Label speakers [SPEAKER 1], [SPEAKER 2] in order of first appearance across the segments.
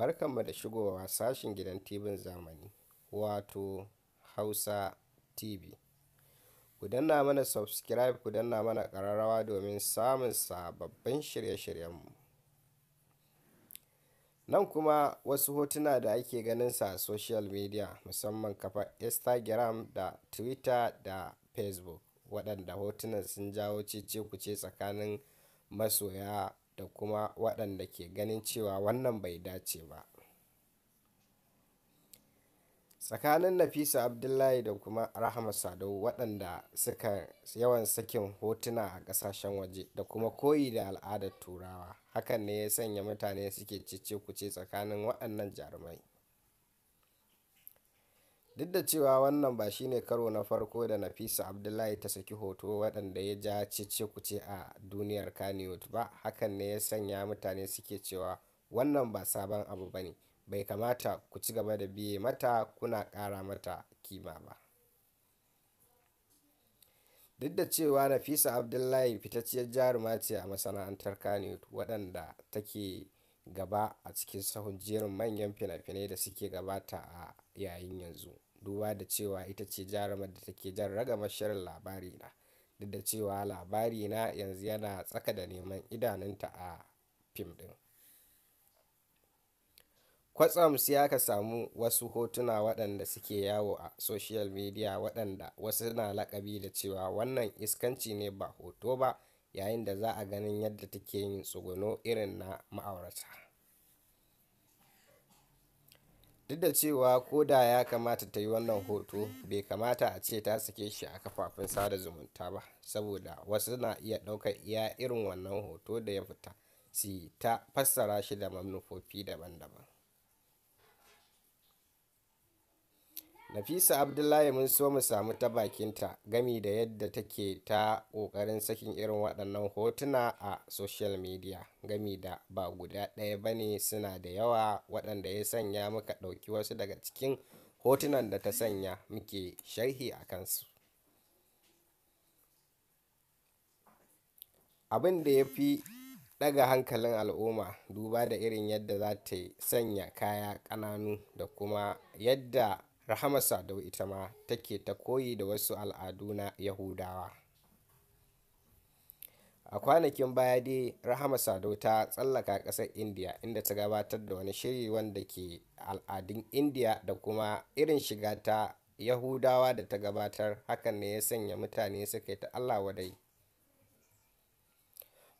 [SPEAKER 1] Barkanmu da shigowa sashen gidan tv zamani wato Hausa TV. Ku danna mana subscribe ku danna mana ƙararrawa domin samun sababbin shirye-shiryenmu. Nan kuma wasu hotuna da ake ganin sa a social media musamman kafa Instagram da Twitter da Facebook waɗanda hotunan sun jawo cece-kuce tsakanin masoya da kuma waɗanda ke ganin cewa wannan bai dace ba. Tsakanin Nafisa Abdullahi da kuma Rahama Sadau waɗanda suka yawan sakin hotuna a ƙasashen waje da kuma koyi da al'adar Turawa, hakan ne ya sanya mutane suke cece-kuce tsakanin waɗannan jarumai. Duk da cewa wannan ba shine karo na farko da Nafisa Abdullahi ta saki hoto waɗanda ya ja cece-kuce a duniyar kaniwood ba, hakan ne ya sanya mutane suke cewa wannan ba sabon abu ba ne, bai kamata ku ci gaba da biye mata kuna ƙara mata kima ba. Duk da cewa Nafisa Abdullahi fitacciyar jaruma ce a masana'antar kaniwood waɗanda take gaba a cikin sahun jerin manyan fina-finai da suke gabata a yayin yanzu. duba da cewa ita ce jarumar da take jan ragamar shirin na Duk da cewa labari na yanzu yana tsaka da neman idanunta a fim ɗin. Kwatsam ya ka samu wasu hotuna waɗanda suke yawo a social midiya waɗanda wasu na lakabi da cewa wannan iskanci ne ba hoto ba yayin da za a ganin yadda take yin tsuguno irin na ma'aurata. Duk da cewa ko da ya kamata ta yi wannan hoto, bai kamata a ce ta sake shi a kafafen sada zumunta ba, saboda wasu na iya ɗaukar iya irin wannan hoto da ya fita, su ta fassara shi da manufofi daban-daban. Nafisa Abdullahi mun so mu samu ta bakinta gami da yadda take ta ƙoƙarin sakin irin waɗannan hotuna a social media gami da ba guda ɗaya ba ne suna da yawa waɗanda ya sanya muka ɗauki wasu daga cikin hotunan da ta sanya muke sharhi a kansu. Abin da ya fi ɗaga hankalin al'umma duba da irin yadda za ta sanya kaya ƙananu da kuma yadda rahamar Sadau ita ma take ta koyi da wasu al'adu na Yahudawa. A kwanakin baya dai Rahama Sadau ta tsallaka ƙasar Indiya inda ta gabatar da wani shiri wanda ke al'adun Indiya da kuma irin shiga ta Yahudawa da ta gabatar hakan ne ya sanya mutane suka yi ta Allah wadai.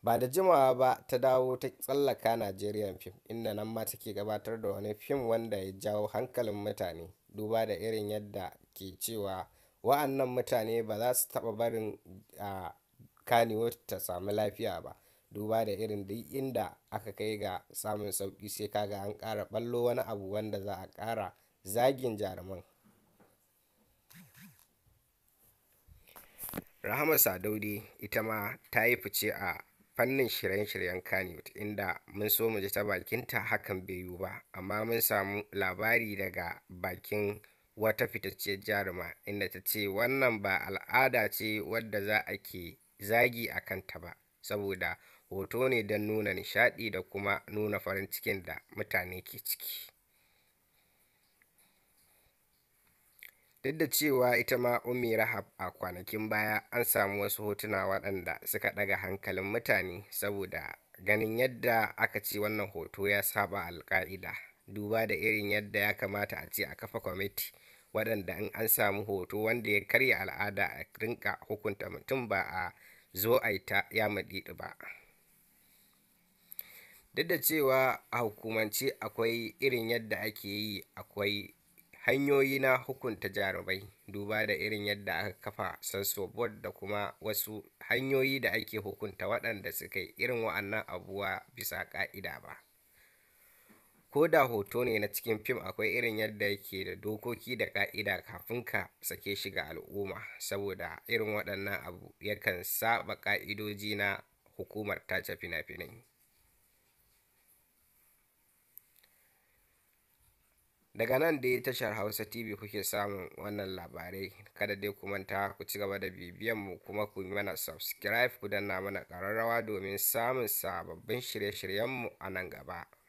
[SPEAKER 1] Ba da jimawa ba ta dawo ta tsallaka Nigerian fim inda nan ma take gabatar da wani fim wanda ya jawo hankalin mutane. duba da irin yadda ke cewa wa'annan mutane ba za su taɓa barin a kaniwa ta samu lafiya ba duba da irin duk inda aka kai ga samun sauƙi sai kaga an ƙara ɓallo wani abu wanda za a ƙara zagin jaruman Rahama sadaudi ita ma ta yi fice a fannin shirye-shiryen Kannywood inda mun so mu ji ta bakin ta hakan bai yiwu ba amma mun samu labari daga bakin wata fitacciyar jaruma inda ta ce wannan ba al'ada ce wadda za a ke zagi a kanta ba saboda hoto ne don nuna nishaɗi da kuma nuna farin cikin da mutane ke ciki. duk da cewa ita ma ummi rahab a kwanakin baya an samu wasu hotuna waɗanda suka ɗaga hankalin mutane saboda ganin yadda aka ce wannan hoto ya saba alƙa'ida duba da irin yadda ya kamata a ce a kafa kwamiti waɗanda in an samu hoto wanda ya karya al'ada a rinka hukunta mutum ba a zo a ta ya maɗiɗi ba duk da cewa a hukumance akwai irin yadda ake yi akwai hanyoyi na hukunta jarumai duba da irin yadda aka kafa sansobot da kuma wasu hanyoyi da ake hukunta waɗanda suka yi irin wa'annan abuwa bisa ƙa'ida ba ko da hoto ne na cikin fim akwai irin yadda yake da dokoki da ka'ida kafin ka sake shi ga al'umma saboda irin waɗannan abu yakan saba ka'idoji na hukumar tace fina-finai daga nan dai tashar hausa tv kuke samun wannan labarai kada dai ku manta ku ci gaba da bibiyan mu kuma ku mana subscribe ku danna mana ƙararrawa domin samun sababbin shirye-shiryenmu a nan gaba